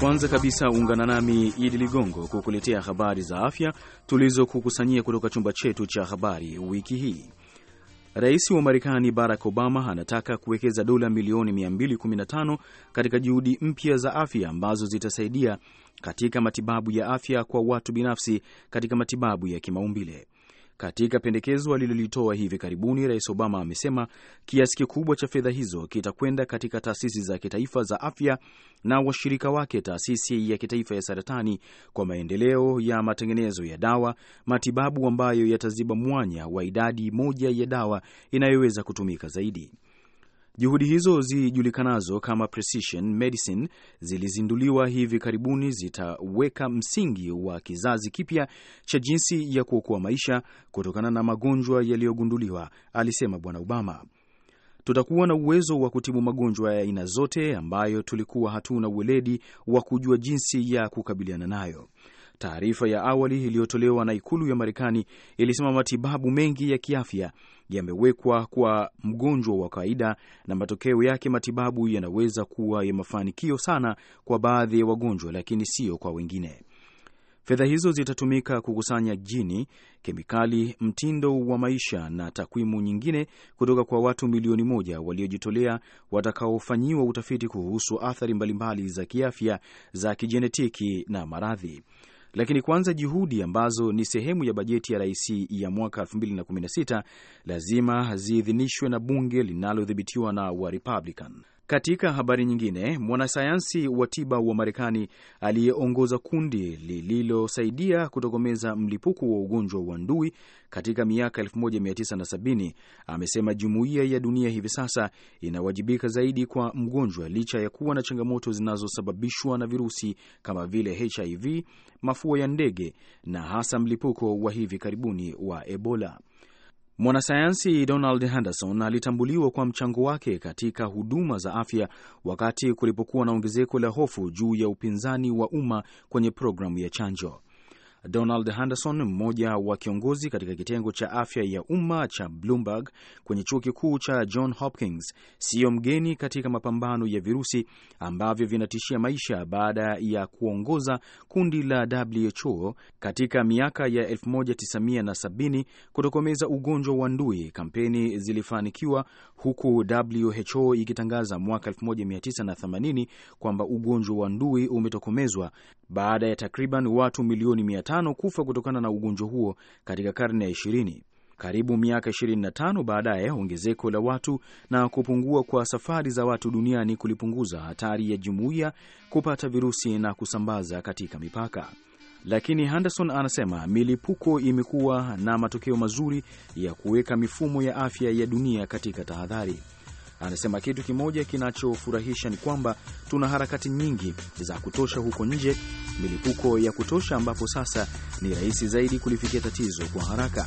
Kwanza kabisa ungana nami Idi Ligongo kukuletea habari za afya tulizokukusanyia kutoka chumba chetu cha habari wiki hii. Rais wa Marekani Barack Obama anataka kuwekeza dola milioni 215 katika juhudi mpya za afya ambazo zitasaidia katika matibabu ya afya kwa watu binafsi katika matibabu ya kimaumbile. Katika pendekezo alilolitoa hivi karibuni, Rais Obama amesema kiasi kikubwa cha fedha hizo kitakwenda katika taasisi za kitaifa za afya na washirika wake, taasisi ya kitaifa ya saratani kwa maendeleo ya matengenezo ya dawa, matibabu ambayo yataziba mwanya wa idadi moja ya dawa inayoweza kutumika zaidi. Juhudi hizo zijulikanazo kama precision medicine zilizinduliwa hivi karibuni, zitaweka msingi wa kizazi kipya cha jinsi ya kuokoa maisha kutokana na magonjwa yaliyogunduliwa, alisema Bwana Obama. Tutakuwa na uwezo wa kutibu magonjwa ya aina zote ambayo tulikuwa hatuna uweledi wa kujua jinsi ya kukabiliana nayo. Taarifa ya awali iliyotolewa na ikulu ya Marekani ilisema matibabu mengi ya kiafya yamewekwa kwa mgonjwa wa kawaida, na matokeo yake matibabu yanaweza kuwa ya mafanikio sana kwa baadhi ya wagonjwa, lakini sio kwa wengine. Fedha hizo zitatumika kukusanya jini, kemikali, mtindo wa maisha na takwimu nyingine kutoka kwa watu milioni moja waliojitolea watakaofanyiwa utafiti kuhusu athari mbalimbali za kiafya za kijenetiki na maradhi. Lakini kwanza, juhudi ambazo ni sehemu ya bajeti ya rais ya mwaka 2016 lazima ziidhinishwe na bunge linalodhibitiwa na wa Katika habari nyingine, mwanasayansi wa tiba wa Marekani aliyeongoza kundi lililosaidia kutokomeza mlipuko wa ugonjwa wa ndui katika miaka 1970 amesema jumuiya ya dunia hivi sasa inawajibika zaidi kwa mgonjwa licha ya kuwa na changamoto zinazosababishwa na virusi kama vile HIV, mafua ya ndege na hasa mlipuko wa hivi karibuni wa Ebola. Mwanasayansi Donald Henderson alitambuliwa kwa mchango wake katika huduma za afya wakati kulipokuwa na ongezeko la hofu juu ya upinzani wa umma kwenye programu ya chanjo. Donald Henderson, mmoja wa kiongozi katika kitengo cha afya ya umma cha Bloomberg kwenye chuo kikuu cha John Hopkins, siyo mgeni katika mapambano ya virusi ambavyo vinatishia maisha baada ya kuongoza kundi la WHO katika miaka ya 1970 kutokomeza ugonjwa wa ndui. Kampeni zilifanikiwa huku WHO ikitangaza mwaka 1980 kwamba ugonjwa wa ndui umetokomezwa baada ya takriban watu milioni 500 kufa kutokana na ugonjwa huo katika karne ya 20. Karibu miaka 25 baadaye, ongezeko la watu na kupungua kwa safari za watu duniani kulipunguza hatari ya jumuiya kupata virusi na kusambaza katika mipaka. Lakini Henderson anasema milipuko imekuwa na matokeo mazuri ya kuweka mifumo ya afya ya dunia katika tahadhari. Anasema kitu kimoja kinachofurahisha ni kwamba tuna harakati nyingi za kutosha huko nje, milipuko ya kutosha, ambapo sasa ni rahisi zaidi kulifikia tatizo kwa haraka.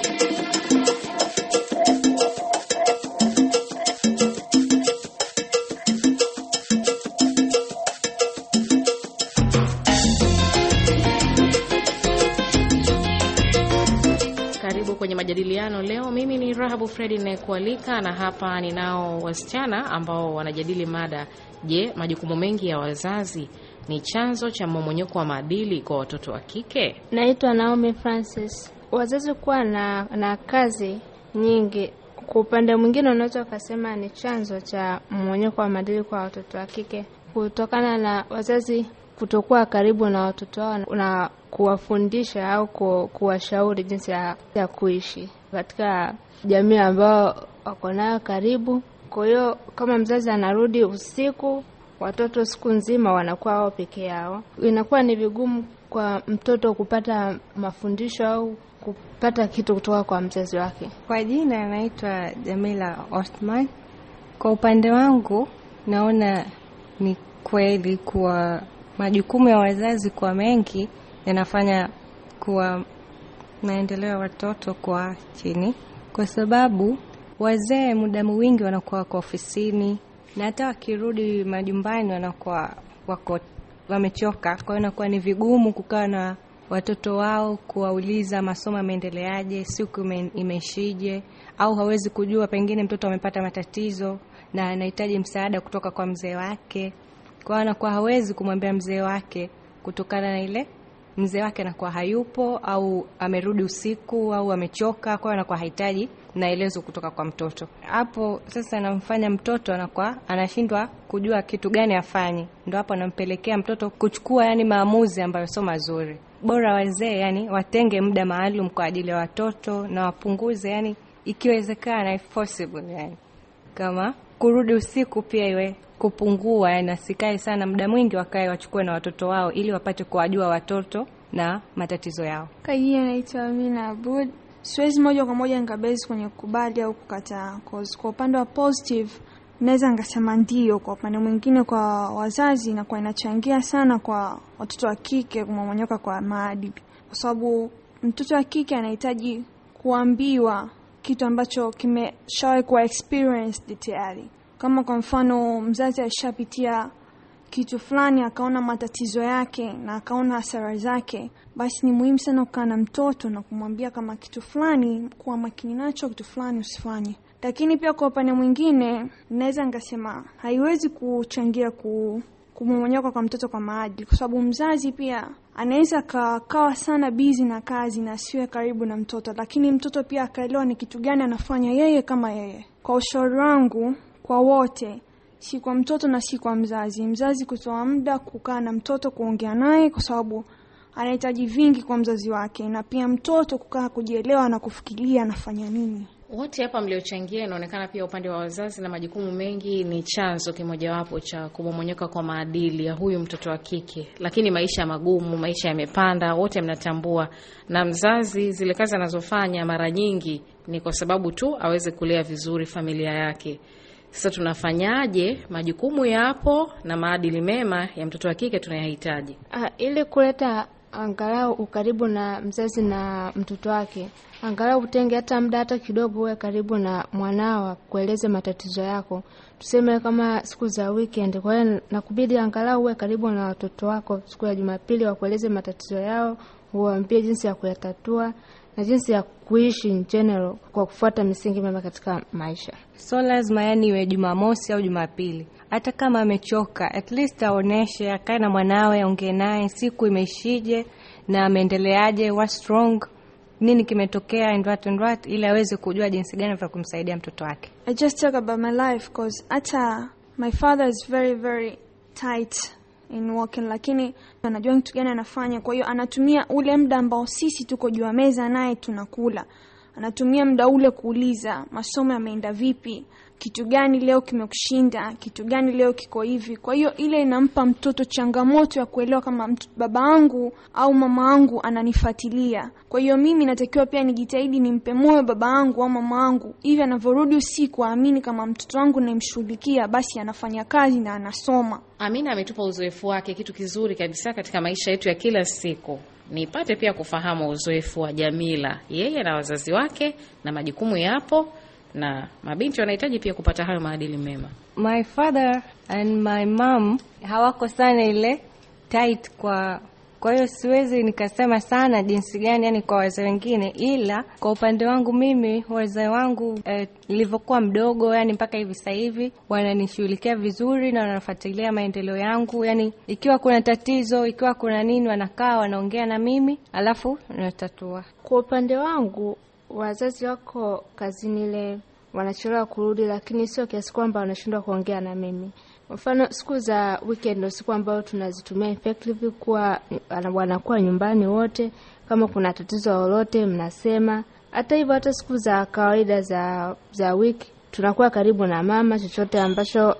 majadiliano leo. Mimi ni Rahabu Fredi inayekualika, na hapa ninao wasichana ambao wanajadili mada, je, majukumu mengi ya wazazi ni chanzo cha mmomonyoko wa maadili kwa watoto wa kike? Naitwa Naomi Francis. Wazazi kuwa na, na kazi nyingi, kwa upande mwingine unaweza ukasema ni chanzo cha mmomonyoko wa maadili kwa watoto wa kike, kutokana na wazazi kutokuwa karibu na watoto wao na kuwafundisha au kuwashauri jinsi ya, ya kuishi katika jamii ambao wako nayo karibu. Kwa hiyo kama mzazi anarudi usiku, watoto siku nzima wanakuwa wao peke yao, inakuwa ni vigumu kwa mtoto kupata mafundisho au kupata kitu kutoka kwa mzazi wake. Kwa jina anaitwa Jamila Osman. Kwa upande wangu, naona ni kweli kuwa majukumu ya wazazi kwa mengi yanafanya kuwa maendeleo ya watoto kwa chini, kwa sababu wazee muda mwingi wanakuwa wako ofisini na hata wakirudi majumbani wanakuwa wako wamechoka. Kwa hiyo inakuwa ni vigumu kukaa na watoto wao kuwauliza masomo yameendeleaje, siku imeishije, au hawezi kujua, pengine mtoto amepata matatizo na anahitaji msaada kutoka kwa mzee wake. Kwa anakuwa hawezi kumwambia mzee wake kutokana na ile mzee wake anakuwa hayupo au amerudi usiku au amechoka, kwa hiyo anakuwa hahitaji naelezo kutoka kwa mtoto. Hapo sasa anamfanya mtoto anakuwa anashindwa kujua kitu gani afanye, ndo hapo anampelekea mtoto kuchukua yani maamuzi ambayo sio mazuri. Bora wazee yani watenge muda maalum kwa ajili ya watoto na wapunguze yani, ikiwezekana if possible yani kama kurudi usiku pia iwe kupungua, yani asikae sana muda mwingi, wakae wachukue na watoto wao, ili wapate kuwajua watoto na matatizo yao. Kahiye naitwa Amina Abud. Siwezi moja kwa moja nikabezi kwenye kukubali au kukataa. Kwa upande wa positive naweza nikasema ndio, kwa upande mwingine kwa wazazi na kwa inachangia sana kwa watoto wa kike kumomonyoka kwa maadili, kwa sababu mtoto wa kike anahitaji kuambiwa kitu ambacho kimeshawahi kuwa experienced tayari. Kama kwa mfano mzazi alishapitia kitu fulani akaona matatizo yake na akaona hasara zake, basi ni muhimu sana kukaa na mtoto na kumwambia kama kitu fulani kuwa makini nacho, kitu fulani usifanye. Lakini pia kwa upande mwingine, naweza nikasema haiwezi kuchangia ku kumomonyoka kwa mtoto kwa maadili, kwa sababu mzazi pia anaweza akakawa sana bizi na kazi na asiwe karibu na mtoto, lakini mtoto pia akaelewa ni kitu gani anafanya yeye kama yeye. Kwa ushauri wangu kwa wote, si kwa mtoto na si kwa mzazi, mzazi kutoa muda kukaa na mtoto, kuongea naye, kwa sababu anahitaji vingi kwa mzazi wake, na pia mtoto kukaa kujielewa na kufikiria anafanya nini. Wote hapa mliochangia, inaonekana pia upande wa wazazi na majukumu mengi ni chanzo kimojawapo cha kumomonyoka kwa maadili ya huyu mtoto wa kike, lakini maisha magumu, maisha yamepanda, wote mnatambua, na mzazi zile kazi anazofanya mara nyingi ni kwa sababu tu aweze kulea vizuri familia yake. Sasa tunafanyaje? Majukumu yapo na maadili mema ya mtoto wa kike tunayahitaji. Ah, ili kuleta angalau ukaribu na mzazi na mtoto wake, angalau utenge hata muda hata kidogo, uwe karibu na mwanao kueleze matatizo yako, tuseme kama siku za weekend. Kwa hiyo nakubidi angalau uwe karibu na watoto wako siku ya Jumapili, wakueleze matatizo yao, uwaambie jinsi ya kuyatatua na jinsi ya kuishi in general kwa kufuata misingi mema katika maisha. So lazima yani iwe Jumamosi au Jumapili, hata kama amechoka, at least aoneshe, akae na mwanawe, aongee naye siku imeishije na ameendeleaje, wa strong nini kimetokea and what and what, ili aweze kujua jinsi gani vya kumsaidia mtoto wake. I just talk about my life cause hata my father is very very tight in working, lakini anajua kitu gani anafanya. Kwa hiyo anatumia ule muda ambao sisi tuko juu ya meza naye tunakula, anatumia muda ule kuuliza masomo yameenda vipi, kitu gani leo kimekushinda, kitu gani leo kiko hivi. Kwa hiyo ile inampa mtoto changamoto ya kuelewa kama baba angu au mama angu ananifuatilia. Kwa hiyo mimi natakiwa pia nijitahidi nimpe moyo baba angu au mama angu, hivi anavyorudi usiku aamini kama mtoto wangu naimshughulikia, basi anafanya kazi na anasoma. Amina ametupa uzoefu wake, kitu kizuri kabisa katika maisha yetu ya kila siku. Nipate pia kufahamu uzoefu wa Jamila, yeye na wazazi wake na majukumu yapo na mabinti wanahitaji pia kupata hayo maadili mema. My father and my mom hawako sana ile tight kwa kwa hiyo siwezi nikasema sana jinsi gani, yani kwa wazee wengine, ila kwa upande wangu mimi wazee wangu eh, nilivyokuwa eh, mdogo, yani mpaka hivi sasa hivi wananishughulikia vizuri na wanafuatilia maendeleo yangu, yani ikiwa kuna tatizo, ikiwa kuna nini, wanakaa wanaongea na mimi, alafu natatua. Kwa upande wangu wazazi wako kazini ile wanachelewa kurudi, lakini sio kiasi kwamba wanashindwa kuongea na mimi. Mfano, siku za weekend ndo siku ambayo tunazitumia effectively kuwa wanakuwa nyumbani wote, kama kuna tatizo lolote mnasema. Hata hivyo, hata siku za kawaida za za wiki tunakuwa karibu na mama, chochote ambacho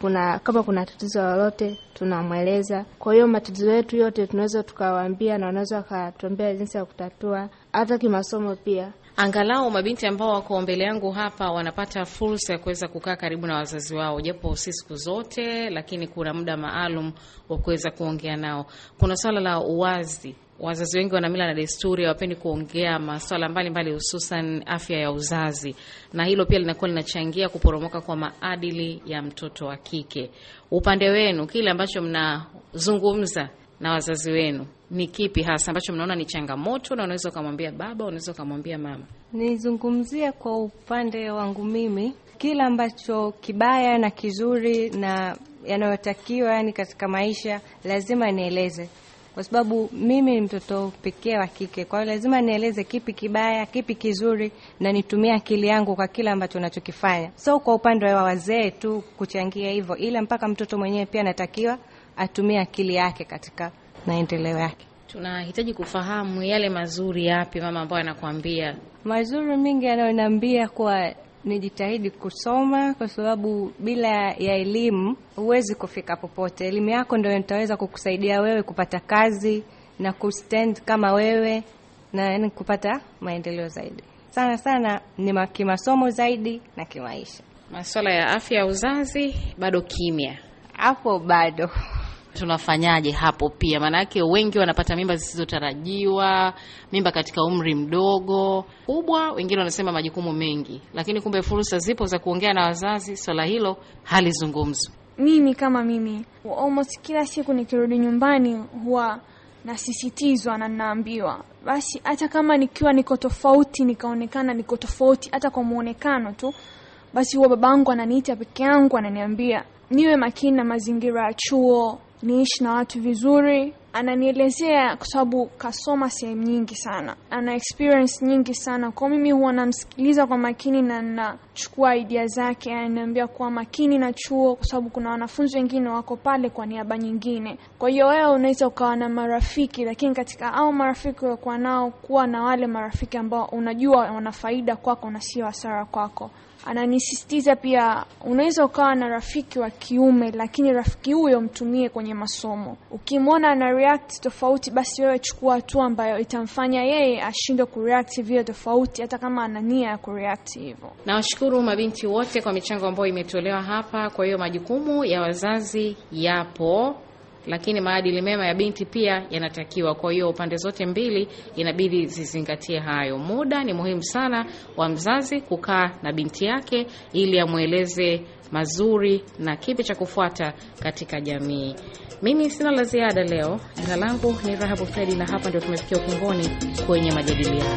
kuna, kama kuna tatizo lolote tunamweleza. Kwa hiyo matatizo yetu yote tunaweza tukawaambia, na wanaweza wakatuambia jinsi ya kutatua. Hata kimasomo pia angalau mabinti ambao wako mbele yangu hapa wanapata fursa ya kuweza kukaa karibu na wazazi wao, japo si siku zote, lakini kuna muda maalum wa kuweza kuongea nao. Kuna swala la uwazi wazazi wengi wana mila na desturi, hawapendi kuongea maswala mbalimbali, hususan afya ya uzazi, na hilo pia linakuwa linachangia kuporomoka kwa maadili ya mtoto wa kike. Upande wenu, kile ambacho mnazungumza na wazazi wenu, ni kipi hasa ambacho mnaona ni changamoto, na unaweza ukamwambia baba, unaweza ukamwambia mama? Nizungumzie kwa upande wangu mimi, kila ambacho kibaya na kizuri na yanayotakiwa yani katika maisha lazima nieleze, kwa sababu mimi ni mtoto pekee wa kike. Kwa hiyo lazima nieleze kipi kibaya, kipi kizuri, na nitumie akili yangu kwa kila ambacho nachokifanya. So kwa upande wa wazee tu kuchangia hivyo, ila mpaka mtoto mwenyewe pia anatakiwa atumie akili yake katika maendeleo yake. Tunahitaji kufahamu yale mazuri yapi mama ambayo anakuambia. Mazuri mingi anayoniambia kuwa nijitahidi kusoma, kwa sababu bila ya elimu huwezi kufika popote. Elimu yako ndio itaweza kukusaidia wewe kupata kazi na kustand kama wewe na yani kupata maendeleo zaidi. Sana sana ni kimasomo zaidi na kimaisha. Masuala ya afya ya uzazi bado kimya hapo, bado tunafanyaje hapo pia? Maanake wengi wanapata mimba zisizotarajiwa, mimba katika umri mdogo kubwa, wengine wanasema majukumu mengi, lakini kumbe fursa zipo za kuongea na wazazi. Swala hilo halizungumzwi. Mimi kama mimi, almost kila siku nikirudi nyumbani huwa nasisitizwa na ninaambiwa basi, hata kama nikiwa niko tofauti, nikaonekana niko tofauti hata kwa muonekano tu, basi huwa babangu ananiita peke yangu, ananiambia niwe makini na mazingira ya chuo, niishi na watu vizuri. Ananielezea kwa sababu kasoma sehemu nyingi sana, ana experience nyingi sana. Kwa mimi huwa namsikiliza kwa makini na nachukua idea zake. Ananiambia kuwa makini na chuo, kwa sababu kuna wanafunzi wengine wako pale kwa niaba nyingine. Kwa hiyo wewe unaweza ukawa na marafiki, lakini katika au marafiki uliokuwa nao, kuwa na wale marafiki ambao unajua wana faida kwako na sio hasara kwako ananisistiza pia, unaweza ukawa na rafiki wa kiume, lakini rafiki huyo mtumie kwenye masomo. Ukimwona ana react tofauti, basi wewe chukua hatua ambayo itamfanya yeye ashindwe kureact vile tofauti, hata kama ana nia ya kureact hivyo. Nawashukuru mabinti wote kwa michango ambayo imetolewa hapa. Kwa hiyo majukumu ya wazazi yapo lakini maadili mema ya binti pia yanatakiwa. Kwa hiyo pande zote mbili inabidi zizingatie hayo. Muda ni muhimu sana wa mzazi kukaa na binti yake ili amweleze mazuri na kipi cha kufuata katika jamii. Mimi sina la ziada leo. Jina langu ni Rahabu Fredi, na hapa ndio tumefikia ukingoni kwenye majadiliano.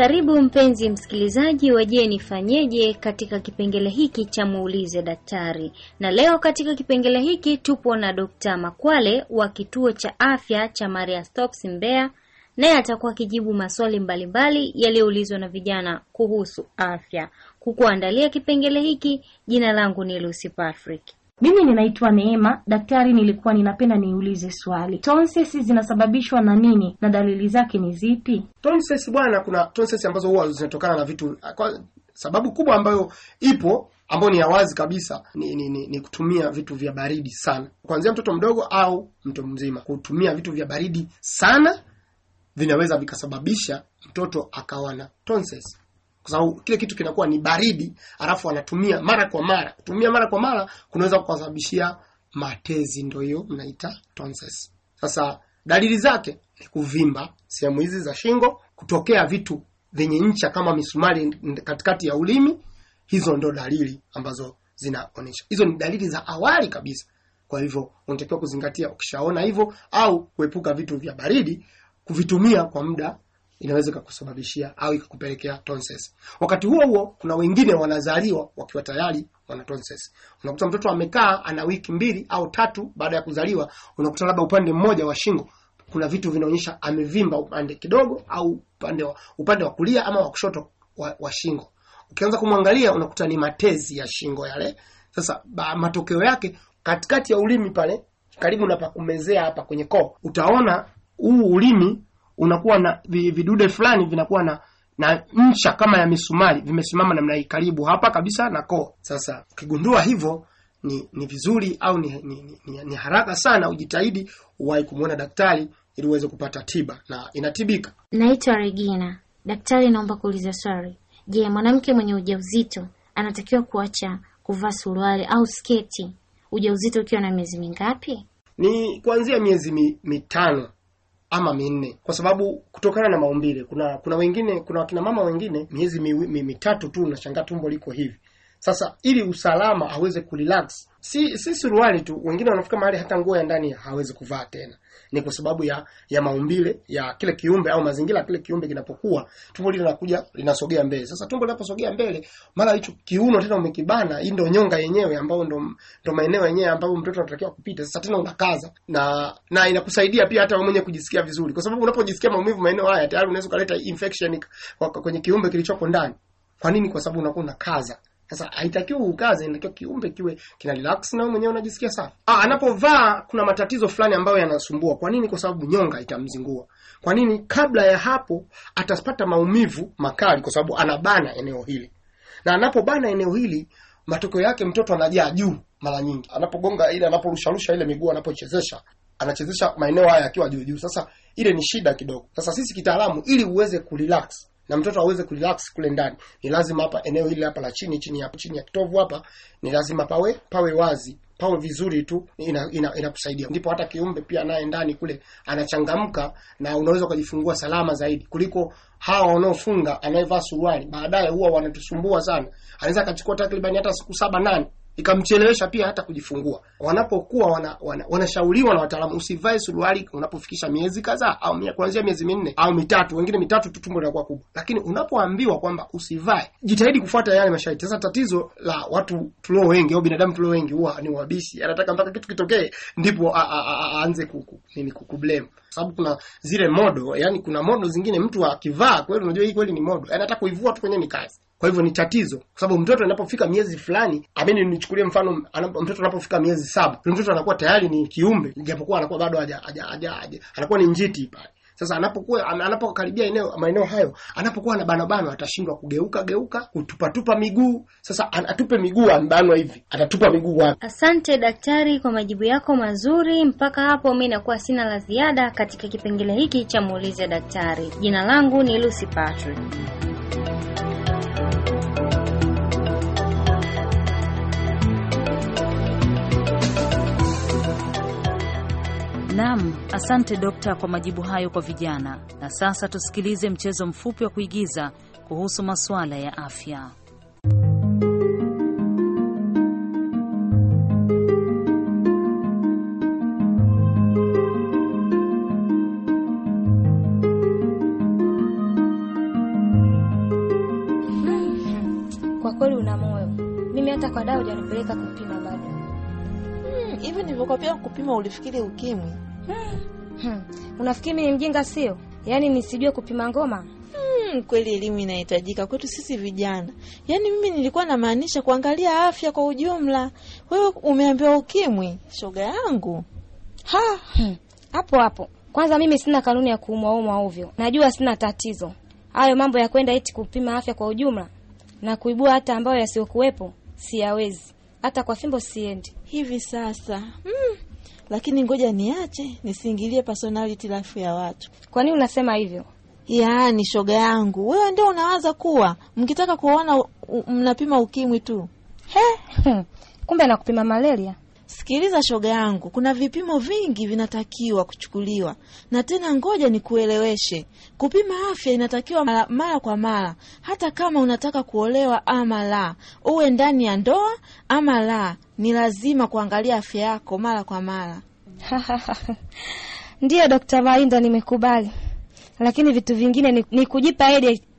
Karibu mpenzi msikilizaji wa Je nifanyeje katika kipengele hiki cha muulize daktari. Na leo katika kipengele hiki tupo na Dokta Makwale wa kituo cha afya cha Maria Stopes Mbeya, naye atakuwa akijibu maswali mbalimbali yaliyoulizwa na vijana kuhusu afya. Kukuandalia kipengele hiki, jina langu ni Lucy Patrick. Mimi ninaitwa Neema, daktari. Nilikuwa ninapenda niulize swali, tonsesi zinasababishwa na nini na dalili zake ni zipi? Tonsils bwana, kuna tonsils ambazo huwa zinatokana na vitu kwa, sababu kubwa ambayo ipo ambayo ni ya wazi kabisa ni, ni, ni, ni kutumia vitu vya baridi sana, kuanzia mtoto mdogo au mtu mzima. Kutumia vitu vya baridi sana vinaweza vikasababisha mtoto akawa na tonsesi kwa sababu kile kitu kinakuwa ni baridi, alafu anatumia mara kwa mara. Kutumia mara kwa mara kunaweza kusababishia matezi, ndio hiyo mnaita tonsils. Sasa dalili zake ni kuvimba sehemu hizi za shingo, kutokea vitu vyenye ncha kama misumari katikati ya ulimi. Hizo ndo dalili ambazo zinaonyesha, hizo ni dalili za awali kabisa. Kwa hivyo unatakiwa kuzingatia ukishaona hivyo, au kuepuka vitu vya baridi kuvitumia kwa muda inaweza ikakusababishia au ikakupelekea tonsils. Wakati huo huo, kuna wengine wanazaliwa wakiwa tayari wana tonsils. Unakuta mtoto amekaa ana wiki mbili au tatu baada ya kuzaliwa, unakuta labda upande mmoja wa shingo kuna vitu vinaonyesha amevimba upande kidogo au upande wa, upande wa kulia ama wa kushoto wa, wa shingo. Ukianza kumwangalia unakuta ni matezi ya shingo yale. Sasa ba, matokeo yake katikati ya ulimi pale karibu na pakumezea hapa kwenye koo, utaona huu ulimi unakuwa na vidude fulani vinakuwa na na ncha kama ya misumari vimesimama namna hii karibu hapa kabisa na koo. Sasa ukigundua hivyo ni ni vizuri au ni, ni, ni, ni haraka sana ujitahidi uwahi kumwona daktari ili uweze kupata tiba na inatibika. Naitwa Regina. Daktari, naomba kuuliza swali. Je, mwanamke mwenye ujauzito anatakiwa kuacha kuvaa suruali au sketi ujauzito ukiwa na miezi mingapi? Ni kuanzia miezi mitano ama minne, kwa sababu kutokana na maumbile. Kuna kuna wengine, kuna wakina mama wengine miezi mi, mi, mitatu tu unashangaa tumbo liko hivi. Sasa ili usalama aweze kurelax, si si suruali tu, wengine wanafika mahali hata nguo ya ndani hawezi kuvaa tena ni kwa sababu ya ya maumbile ya kile kiumbe au mazingira kile kiumbe kinapokuwa tumbo lile linakuja linasogea mbele sasa tumbo linaposogea mbele mara hicho kiuno tena umekibana hii ndio nyonga yenyewe ambao ndo ndio maeneo yenyewe ambapo mtoto anatakiwa kupita sasa tena unakaza na na inakusaidia pia hata wewe mwenyewe kujisikia vizuri kwa sababu unapojisikia maumivu maeneo haya tayari unaweza kuleta infection kwenye kiumbe kilichopo ndani kwa nini kwa sababu unakuwa unakaza sasa haitakiwi ukaze, inatakiwa kiumbe kiwe kina relax na wewe mwenyewe unajisikia safi. Ah, anapovaa kuna matatizo fulani ambayo yanasumbua. Kwa nini? Kwa sababu nyonga itamzingua. Kwa nini? Kabla ya hapo atapata maumivu makali, kwa sababu anabana eneo hili, na anapobana eneo hili, matokeo yake mtoto anajaa juu mara nyingi, anapogonga ile, anaporusharusha ile miguu, anapochezesha anachezesha maeneo haya akiwa juu juu. Sasa ile ni shida kidogo. Sasa sisi kitaalamu, ili uweze kurelax na mtoto aweze kurelax kule ndani, ni lazima hapa eneo hili hapa la chini chini ya chini ya kitovu hapa ni lazima pawe pawe wazi pawe vizuri tu, inakusaidia ina, ina ndipo hata kiumbe pia naye ndani kule anachangamka na unaweza ukajifungua salama zaidi kuliko hawa wanaofunga anayevaa suruali, baadaye huwa wanatusumbua sana, anaweza akachukua takribani hata siku saba nane ikamchelewesha pia hata kujifungua. Wanapokuwa wanashauriwa wana, wana na wataalamu, usivae suruali unapofikisha miezi kadhaa au kuanzia miezi minne au mitatu, wengine mitatu tu tumbo linakuwa kubwa, lakini unapoambiwa kwamba usivae, jitahidi kufuata yale masharti. Sasa tatizo la watu tulio wengi au binadamu tulio wengi huwa ni wabishi, anataka mpaka kitu kitokee ndipo aanze kukublem sababu kuna zile modo, yani kuna modo zingine mtu akivaa kweli, unajua hii kweli ni modo, anataka kuivua tu kwenye ni kazi kwa hivyo ni tatizo, kwa sababu mtoto anapofika miezi fulani, amini, nichukulie mfano, mtoto anapofika miezi saba, mtoto anakuwa tayari ni kiumbe, japokuwa anakuwa bado haja anakuwa ni njiti pale. Sasa anapokuwa anapokaribia eneo maeneo hayo, anapokuwa na bano atashindwa kugeuka geuka, kutupa tupa miguu. Sasa atupe miguu ambanwa hivi, atatupa miguu wapi? Asante daktari kwa majibu yako mazuri. Mpaka hapo mimi nakuwa sina la ziada katika kipengele hiki cha muulize daktari. Jina langu ni Lucy Patrick. Naam, asante dokta kwa majibu hayo kwa vijana. Na sasa tusikilize mchezo mfupi wa kuigiza kuhusu masuala ya afya. Kwa kweli Mimi hata kwa dawa hujanipeleka kupima bado. Hmm, hivi hmm, nilivyokwambia kupima ulifikiri ukimwi? Hmm. Unafikiri mimi ni mjinga sio? Yaani nisijue kupima ngoma? Hmm, kweli elimu inahitajika kwetu sisi vijana. Yaani mimi nilikuwa namaanisha kuangalia afya kwa ujumla. Wewe umeambiwa ukimwi, shoga yangu. Ha, hmm. hapo hmm, hapo. Kwanza mimi sina kanuni ya kuumwa umwa ovyo. Najua sina tatizo. Hayo mambo ya kwenda eti kupima afya kwa ujumla na kuibua hata ambayo yasiokuwepo, siyawezi. Hata kwa fimbo siendi. Hivi sasa. Hmm lakini ngoja niache nisiingilie personality life ya watu. Kwa nini unasema hivyo? Yaani shoga yangu, wewe ndio unawaza kuwa mkitaka kuona mnapima ukimwi tu. He, kumbe nakupima malaria. Sikiliza shoga yangu, kuna vipimo vingi vinatakiwa kuchukuliwa, na tena ngoja nikueleweshe. Kupima afya inatakiwa mara, mara kwa mara, hata kama unataka kuolewa ama la, uwe ndani ya ndoa ama la, ni lazima kuangalia afya yako mara kwa mara. Ndiyo Dokta Mainda, nimekubali, lakini vitu vingine ni, ni kujipa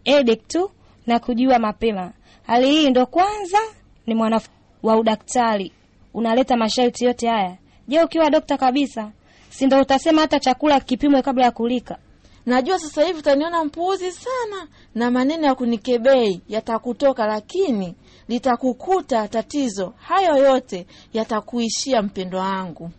edek tu na kujua mapema. Hali hii ndo kwanza ni mwana wa udaktari unaleta masharti yote haya? Je, ukiwa dokta kabisa, si utasema hata chakula kipimwe kabla ya kulika? Najua sasa hivi utaniona mpuuzi sana na maneno ya kunikebei yatakutoka, lakini litakukuta tatizo. Hayo yote yatakuishia mpendo wangu.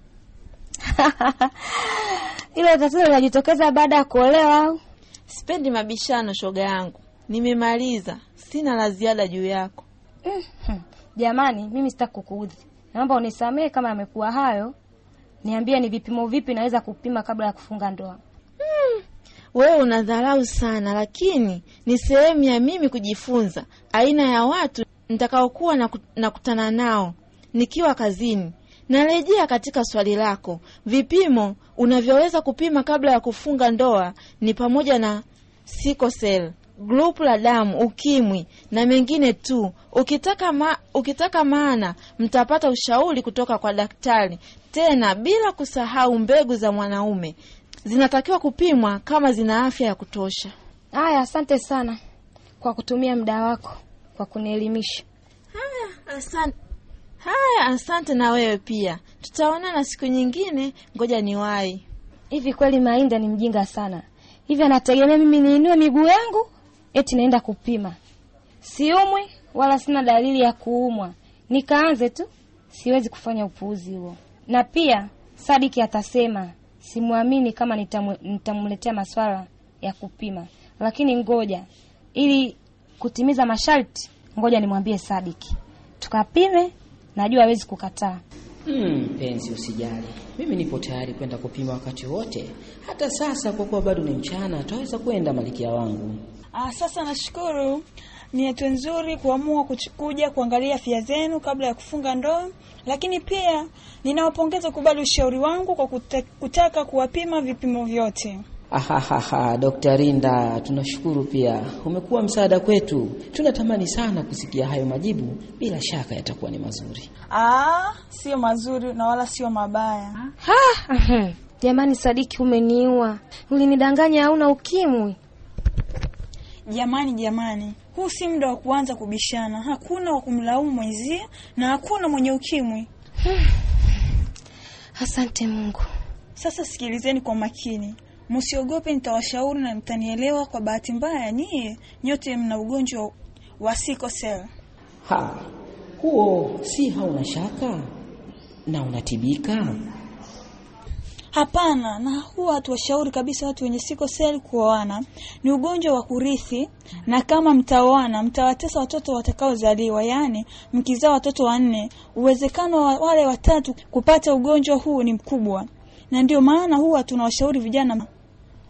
ilo tatizo linajitokeza baada ya kuolewa au? Sipendi mabishano, shoga yangu. Nimemaliza, sina la ziada juu yako. Mm-hmm. Jamani, mimi sitaki kukuudhi naomba unisamehe kama yamekuwa hayo. Niambie, ni vipimo vipi naweza kupima kabla ya kufunga ndoa? Hmm, wewe unadharau sana, lakini ni sehemu ya mimi kujifunza aina ya watu nitakaokuwa nakutana nao nikiwa kazini. Narejea katika swali lako, vipimo unavyoweza kupima kabla ya kufunga ndoa ni pamoja na sikoseli grupu la damu, ukimwi na mengine tu. Ukitaka, ma, ukitaka maana mtapata ushauri kutoka kwa daktari, tena bila kusahau mbegu za mwanaume zinatakiwa kupimwa kama zina afya ya kutosha. Haya, asante sana kwa kutumia muda wako kwa kunielimisha. Haya, asante. Haya, asante na wewe pia, tutaonana siku nyingine. Ngoja niwahi. Hivi kweli Mainda ni mjinga sana, hivi anategemea mimi niinue miguu yangu eti naenda kupima. Siumwi wala sina dalili ya kuumwa, nikaanze tu, siwezi kufanya upuuzi huo. Na pia Sadiki atasema simwamini kama nitamletea maswala ya kupima, lakini ngoja, ili kutimiza masharti, ngoja nimwambie Sadiki tukapime, najua hawezi kukataa. Hmm, mpenzi, mm, usijali, mimi nipo tayari kwenda kupima wakati wote, hata sasa, kwa kuwa bado ni mchana, twaweza kwenda, malikia wangu. Ah, sasa nashukuru ni hatua nzuri kuamua kuja kuangalia afya zenu kabla ya kufunga ndoa, lakini pia ninawapongeza kubali ushauri wangu kwa kutaka kuwapima vipimo vyote. Ahahaha, Dr. Rinda, tunashukuru pia, umekuwa msaada kwetu. Tunatamani sana kusikia hayo majibu, bila shaka yatakuwa ni mazuri. Ah, sio mazuri na wala sio mabaya. Ha, jamani, Sadiki, umeniua, ulinidanganya hauna ukimwi jamani, jamani, huu si muda wa kuanza kubishana. Hakuna wa kumlaumu mwenzie na hakuna mwenye ukimwi. Asante Mungu. Sasa sikilizeni kwa makini, msiogope, nitawashauri na mtanielewa. Kwa bahati mbaya, nyie nyote mna ugonjwa wa sikosel. Ha, huo si hauna shaka na unatibika. Hapana, na huwa tuwashauri kabisa watu wenye siko seli kuoana. Ni ugonjwa wa kurithi, na kama mtaoana mtawatesa watoto watakaozaliwa. Yaani mkizaa watoto wanne, uwezekano wa wale watatu kupata ugonjwa huu ni mkubwa, na ndio maana huwa tunawashauri vijana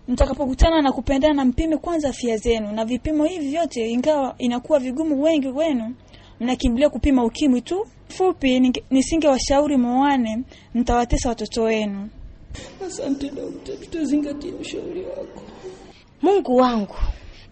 mtakapokutana na kupendana, mpime kwanza afya zenu, na vipimo hivi vyote, ingawa inakuwa vigumu, wengi wenu mnakimbilia kupima ukimwi tu. Fupi, nisingewashauri muoane, mtawatesa watoto wenu. Asante dokta, tutazingatia ushauri wako. Mungu wangu,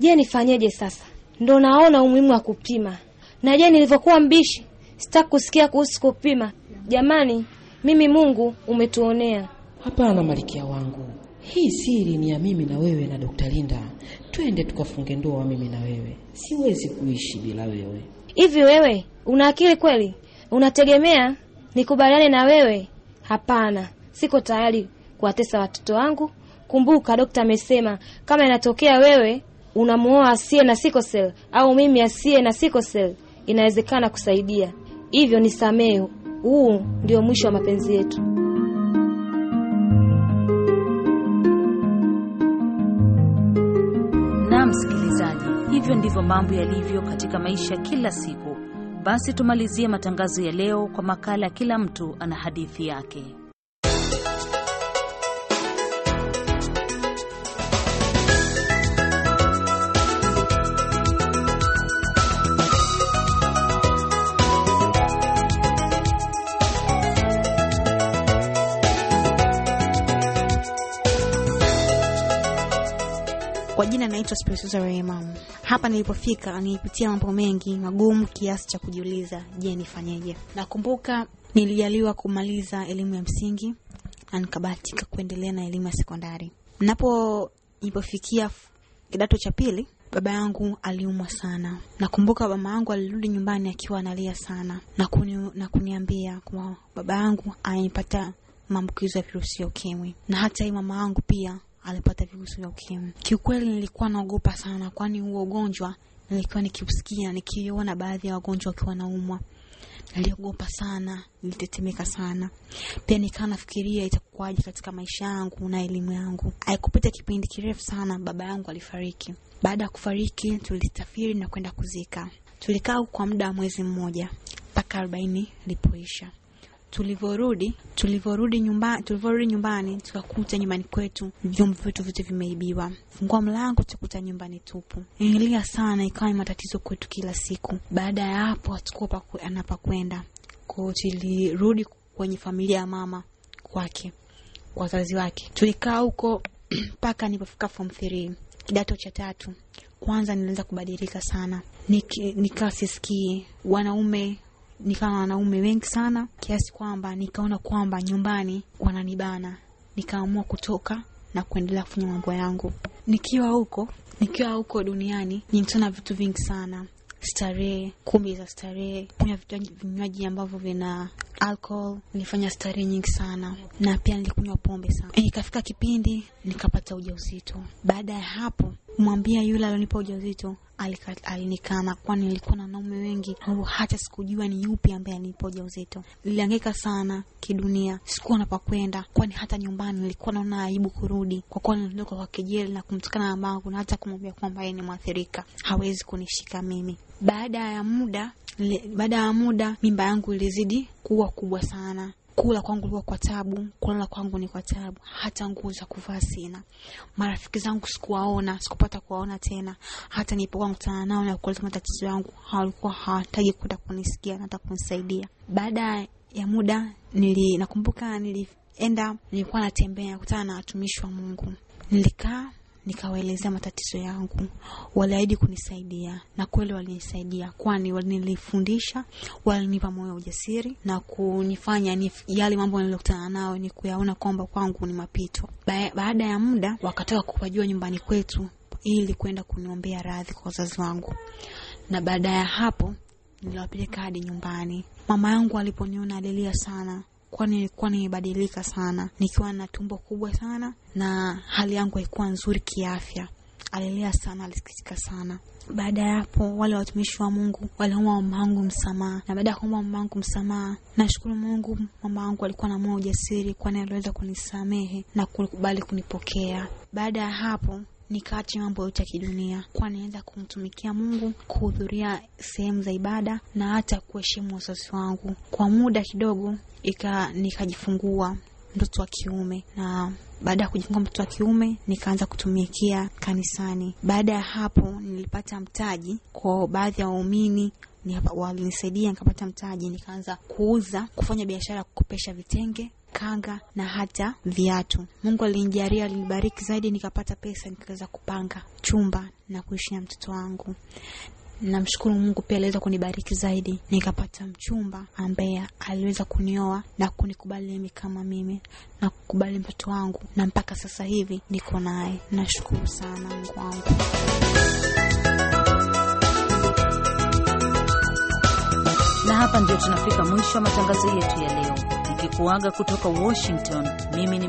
je, nifanyeje sasa? Ndo naona umuhimu wa kupima. Na je, nilivyokuwa mbishi, sitaki kusikia kuhusu kupima. Jamani, mimi Mungu umetuonea. Hapana malikia wangu, hii siri ni ya mimi na wewe na Dokta Linda. Twende tukafunge ndoa, mimi na wewe. Siwezi kuishi bila wewe. Hivi wewe una akili kweli? Unategemea nikubaliane na wewe? Hapana siko tayari kuwatesa watoto wangu. Kumbuka dokta amesema kama inatokea wewe unamuoa asiye na sikosel au mimi asiye na sikosel, inawezekana kusaidia. Hivyo ni samehe, Huu ndio mwisho wa mapenzi yetu. Na msikilizaji, hivyo ndivyo mambo yalivyo katika maisha kila siku. Basi tumalizie matangazo ya leo kwa makala ya kila mtu ana hadithi yake. Botas Profesa Rehemam. Hapa nilipofika nilipitia mambo mengi magumu kiasi cha kujiuliza, je, nifanyeje? Nakumbuka nilijaliwa kumaliza elimu ya msingi na nikabahatika kuendelea na elimu ya sekondari. Napo nilipofikia kidato cha pili, baba yangu aliumwa sana. Nakumbuka mama yangu alirudi nyumbani akiwa analia sana na, kuni, na kuniambia kuwa baba yangu amepata maambukizo ya virusi ya ukimwi, na hata hii mama yangu pia alipata virusi vya ukimwi. Kiukweli nilikuwa naogopa sana, kwani huo ugonjwa nilikuwa nikiusikia, nikiona baadhi ya wagonjwa wakiwa naumwa niliogopa sana, nilitetemeka sana. Pia nikawa nafikiria itakuwaje katika maisha yangu na elimu yangu. Haikupita kipindi kirefu sana, baba yangu alifariki. Baada ya kufariki, tulisafiri na kwenda kuzika. Tulikaa kwa muda wa mwezi mmoja mpaka arobaini lipoisha. Tulivyorudi tulivyorudi nyumba, tulivyorudi nyumbani tukakuta nyumbani kwetu vyombo vyetu vyote vimeibiwa. Fungua mlango tukuta nyumbani tupu. Ililia sana, ikawa ni matatizo kwetu kila siku. Baada ya hapo, hatukuwa anapakwenda kwao, tulirudi kwenye familia ya mama kwake, kwa wazazi wake. Tulikaa huko mpaka nilipofika form 3 kidato cha tatu. Kwanza nilianza kubadilika sana, nikasisikii wanaume nikawa na wanaume wengi sana kiasi kwamba nikaona kwamba nyumbani wananibana, nikaamua kutoka na kuendelea kufanya mambo yangu. Nikiwa huko nikiwa huko duniani nilikutana vitu vingi sana, starehe, kumbi za starehe, kunywa vinywaji ambavyo vina alcohol. Nilifanya starehe nyingi sana, na pia nilikunywa pombe sana. Ikafika kipindi nikapata ujauzito. Baada ya hapo kumwambia yule alionipa ujauzito alinikana, kwani nilikuwa na wanaume wengi ambao hata sikujua ni yupi ambaye alinipa ujauzito. Nilihangaika sana kidunia, sikuwa na pakwenda, kwani hata nyumbani nilikuwa naona aibu kurudi, kwa kuwa niliondoka kwa kejeli na kumtukana mamangu na hata kumwambia kwamba yeye ni mwathirika, hawezi kunishika mimi. Baada ya muda baada ya muda mimba yangu ilizidi kuwa kubwa sana, Kula kwangu likuwa kwa tabu, kulala kwangu ni kwa tabu, hata nguo za kuvaa sina. Marafiki zangu sikuwaona, sikupata kuwaona tena. Hata nilipokuwa nakutana nao na kueleza matatizo yangu, hawalikuwa hawataki kwenda kunisikia na hata kunisaidia. Baada ya muda nili, nakumbuka nilienda, nilikuwa natembea, kutana na watumishi wa Mungu, nilikaa nikawaelezea matatizo yangu. Waliahidi kunisaidia na kweli walinisaidia, kwani walinifundisha, walinipa moyo wa ujasiri na kunifanya nif, yale mambo niliokutana nayo ni kuyaona kwamba kwangu ni mapito. Baada ya muda wakataka kupajua nyumbani kwetu ili kwenda kuniombea radhi kwa wazazi wangu, na baada ya hapo niliwapeleka hadi nyumbani. Mama yangu aliponiona alilia sana, kwani nilikuwa nimebadilika sana, nikiwa na tumbo kubwa sana na hali yangu haikuwa nzuri kiafya. Alilia sana, alisikitika sana. Baada ya hapo, wale watumishi wa Mungu waliomba mama wangu msamaha, na baada ya kuomba mama wangu msamaha, nashukuru Mungu, mama wangu alikuwa na moyo ujasiri, kwani aliweza kunisamehe na kukubali kunipokea. Baada ya hapo ni mambo yote ya kidunia, kwani naweza kumtumikia Mungu, kuhudhuria sehemu za ibada na hata kuheshimu wazazi wangu. Kwa muda kidogo ika nikajifungua mtoto wa kiume na baada ya kujifungua mtoto wa kiume nikaanza kutumikia kanisani. Baada ya hapo, nilipata mtaji kwa baadhi ya waumini walinisaidia nikapata mtaji, nikaanza kuuza, kufanya biashara ya kukopesha vitenge kanga na hata viatu. Mungu alinijalia, alinibariki zaidi, nikapata pesa, nikaweza kupanga chumba na kuishi na mtoto wangu. Namshukuru Mungu pia aliweza kunibariki zaidi, nikapata mchumba ambaye aliweza kunioa na kunikubali mimi kama mimi na kukubali mtoto wangu, na mpaka sasa hivi niko naye. Nashukuru sana Mungu wangu. Na hapa ndio tunafika mwisho wa matangazo yetu ya leo kuaga kutoka Washington. Mimi ni